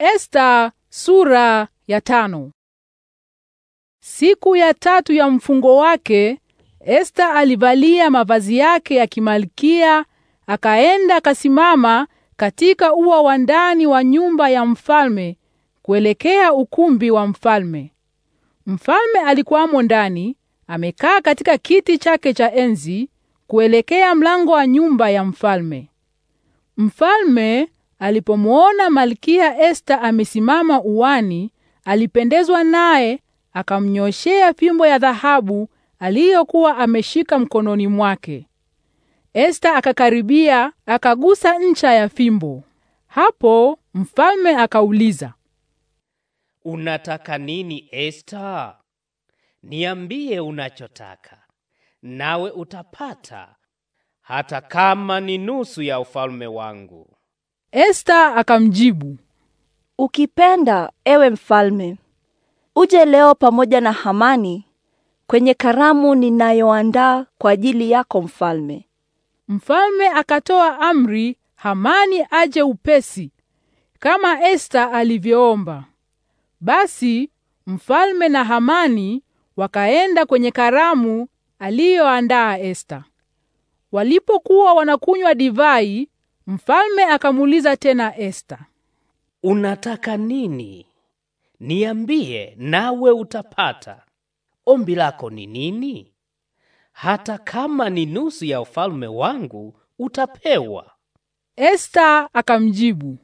Esta sura ya tano. Siku ya tatu ya mfungo wake Esta alivalia mavazi yake ya kimalkia akaenda akasimama katika ua wa ndani wa nyumba ya mfalme kuelekea ukumbi wa mfalme. Mfalme alikuwamo ndani amekaa katika kiti chake cha enzi kuelekea mlango wa nyumba ya mfalme. Mfalme Alipomwona Malkia Esta amesimama uwani, alipendezwa naye akamnyoshea fimbo ya dhahabu aliyokuwa ameshika mkononi mwake. Esta akakaribia akagusa ncha ya fimbo. Hapo mfalme akauliza, unataka nini Esta? Niambie unachotaka, nawe utapata, hata kama ni nusu ya ufalme wangu. Esta akamjibu, ukipenda ewe mfalme, uje leo pamoja na Hamani kwenye karamu ninayoandaa kwa ajili yako mfalme. Mfalme akatoa amri Hamani aje upesi kama Esta alivyoomba. Basi mfalme na Hamani wakaenda kwenye karamu aliyoandaa Esta. Walipokuwa wanakunywa divai, Mfalme akamuuliza tena Esta, unataka nini? Niambie nawe utapata. Ombi lako ni nini? Hata kama ni nusu ya ufalme wangu utapewa. Esta akamjibu,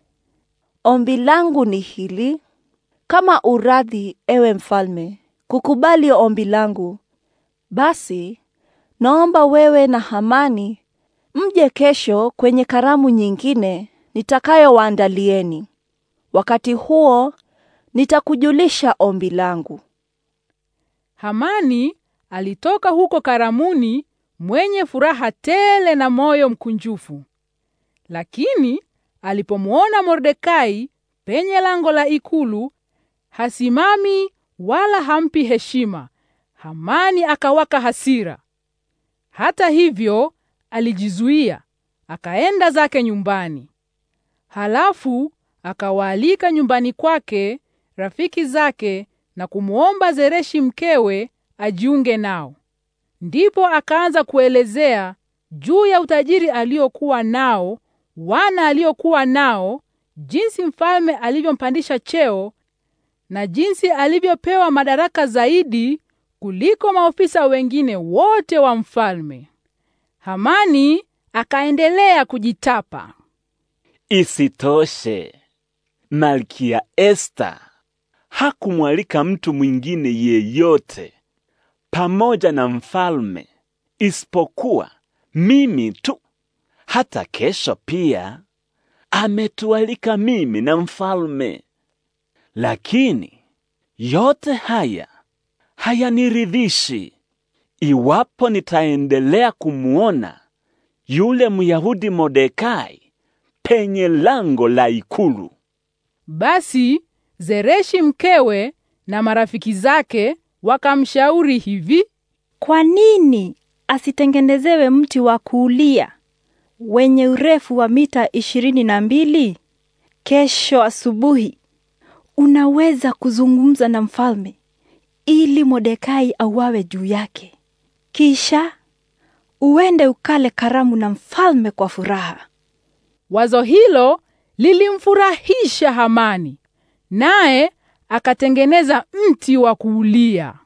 ombi langu ni hili: kama uradhi, ewe mfalme, kukubali ombi langu, basi naomba wewe na Hamani Mje kesho kwenye karamu nyingine nitakayowaandalieni. Wakati huo nitakujulisha ombi langu. Hamani alitoka huko karamuni mwenye furaha tele na moyo mkunjufu. Lakini alipomwona Mordekai penye lango la ikulu hasimami wala hampi heshima, Hamani akawaka hasira. Hata hivyo alijizuia akaenda zake nyumbani. Halafu akawaalika nyumbani kwake rafiki zake na kumwomba Zereshi mkewe ajiunge nao. Ndipo akaanza kuelezea juu ya utajiri aliokuwa nao, wana aliokuwa nao, jinsi mfalme alivyompandisha cheo na jinsi alivyopewa madaraka zaidi kuliko maofisa wengine wote wa mfalme. Hamani akaendelea kujitapa. Isitoshe, Malkia Esta hakumwalika mtu mwingine yeyote pamoja na mfalme isipokuwa mimi tu. Hata kesho pia ametualika mimi na mfalme, lakini yote haya hayaniridhishi iwapo nitaendelea kumwona yule Myahudi Mordekai penye lango la ikulu. Basi Zereshi mkewe na marafiki zake wakamshauri hivi, kwa nini asitengenezewe mti wa kuulia wenye urefu wa mita ishirini na mbili? Kesho asubuhi unaweza kuzungumza na mfalme ili Mordekai auawe juu yake kisha uende ukale karamu na mfalme kwa furaha. Wazo hilo lilimfurahisha Hamani, naye akatengeneza mti wa kuulia.